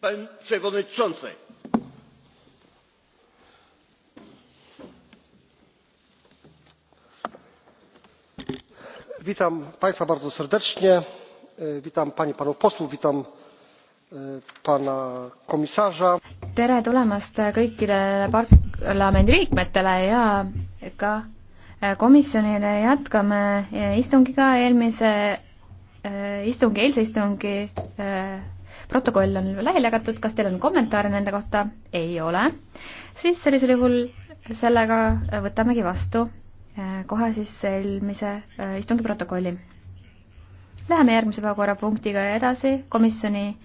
panie przewodniczący! witam państwa bardzo serdecznie witam panie i panów posłów witam e, pana komisarza. tere tulemast kõikidele parlamendi liikmetele ja ka e, komisjonile jätkame e, istungiga eelmise istungi eilse istungi protokoll on laiali jagatud, kas teil on kommentaare nende kohta? ei ole. siis sellisel juhul sellega võtamegi vastu äh, kohe siis eelmise äh, istungi protokolli. Läheme järgmise päevakorrapunktiga edasi, komisjoni